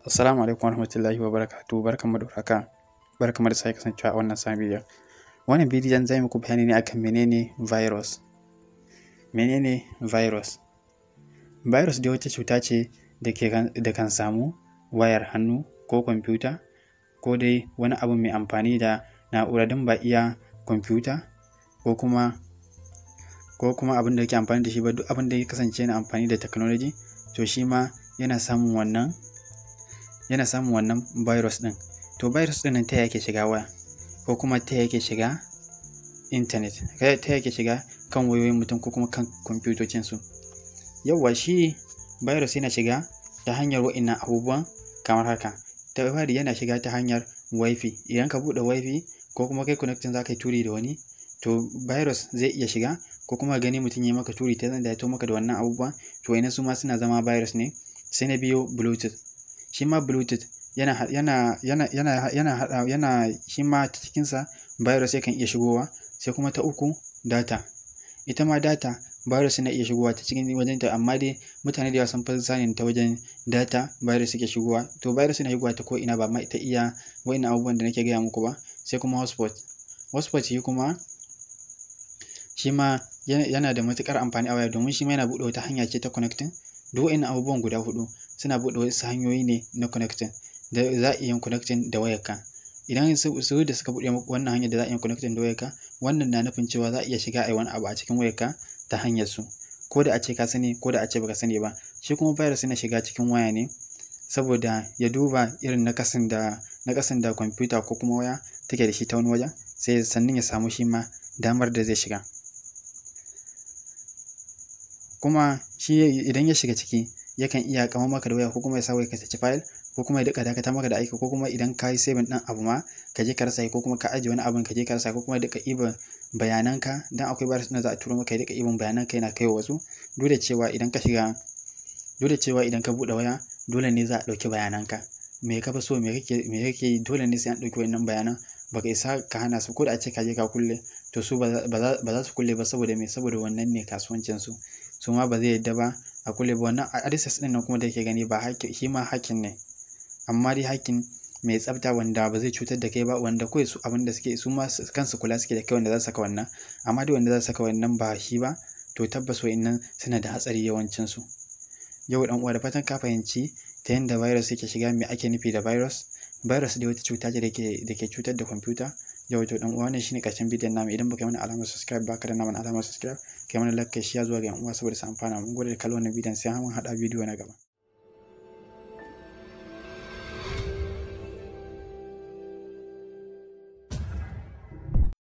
Assalamu alaikum warahmatullahi wabarakatuh barkamu da warhaka barkamu da sake kasancewa a wannan sabon wannan bidiyon zai muku bayani ne akan menene virus menene virus virus dai wata cuta ce da kan samu wayar hannu ko kwamfuta ko dai wani abu mai amfani da na'ura don ba iya kwamfuta ko kuma ko kuma abin da yake amfani da shi ba duk abin da ya kasance na amfani da technology to shi ma yana samun wannan yana samun wannan virus ɗin to virus ɗin ta yake shiga waya ko kuma ta yake shiga intanet ta yake shiga kan wayoyin mutum ko kuma kan kwamfutocinsu yauwa shi virus yana shiga ta hanyar wa'innan abubuwan kamar haka ta fari yana shiga ta hanyar wifi idan ka buɗe wifi ko kuma kai connecting za ka turi da wani to virus zai iya shiga ko kuma gani mutum ya maka turi ta zan da ya to maka da wannan abubuwa to ina su ma suna zama virus ne sai na biyo bluetooth shi ma bluetooth yana yana yana yana yana hada yana shi ma ta cikin sa virus yakan iya shigowa sai kuma ta uku data ita ma data virus na iya shigowa ta cikin wajen ta amma dai mutane da yawa sun fi sanin ta wajen data virus yake shigowa to virus na shigowa ta ko ina ba ma ta iya wa'in abubuwan da nake gaya muku ba sai kuma hotspot hotspot shi kuma shi ma yana da matuƙar amfani a waya domin shi ma yana buɗe wata hanya ce ta connecting duk wa'annan abubuwan guda hudu suna buɗe wasu hanyoyi ne na connecting da za a iya connecting da wayarka idan su da suka buɗe wannan hanyar da za a iya connecting da wayarka wannan na nufin cewa za a iya shiga a yi wani abu a cikin wayarka ta hanyar su ko da a ce ka sani ko da a ce baka sani ba shi kuma virus yana shiga cikin waya ne saboda ya duba irin nakasin da nakasin da kwamfuta ko kuma waya take da shi ta wani wajen sai sannan ya samu shi ma damar da zai shiga kuma shi idan ya shiga ciki yakan iya kama maka da waya ko kuma ya sa waya ka file ko kuma ya duka dakatar maka da aiki ko kuma idan ka yi saving din abu ma ka je ka rasa ko kuma ka ajiye wani abin ka je ka rasa ko kuma duka iba bayananka dan akwai virus na za a turo maka duka ibin bayananka yana kai wasu duk da cewa idan ka shiga duk da cewa idan ka bude waya dole ne za a dauki bayananka me ka fa so me kake me kake dole ne sai an dauki wannan bayanan baka isa ka hana su ko da a ce ka je ka kulle to su ba za su kulle ba saboda me saboda wannan ne kasuwancin su su ma ba zai yadda ba a kulle ba wannan access ɗin nan kuma da yake gani ba hima shi ma haƙƙin ne amma dai hakkin mai tsafta wanda ba zai cutar da kai ba wanda kawai su abin da suke su ma kansu kula suke da kai wanda za su saka wannan amma dai wanda za su saka wannan ba shi ba to tabbas wa'innan suna da hatsari yawancin su yau dan uwa da fatan ka fahimci ta yadda virus yake shiga me ake nufi da virus virus dai wata cuta ce da ke cutar da kwamfuta yau to dan uwa ne shine karshen bidiyon namu idan baka yi mana alamar subscribe baka da naman alamar subscribe kai mana like kai zuwa ga yan uwa saboda su amfana mun gode da kallon wannan bidiyon sai mun hada bidiyo na gaba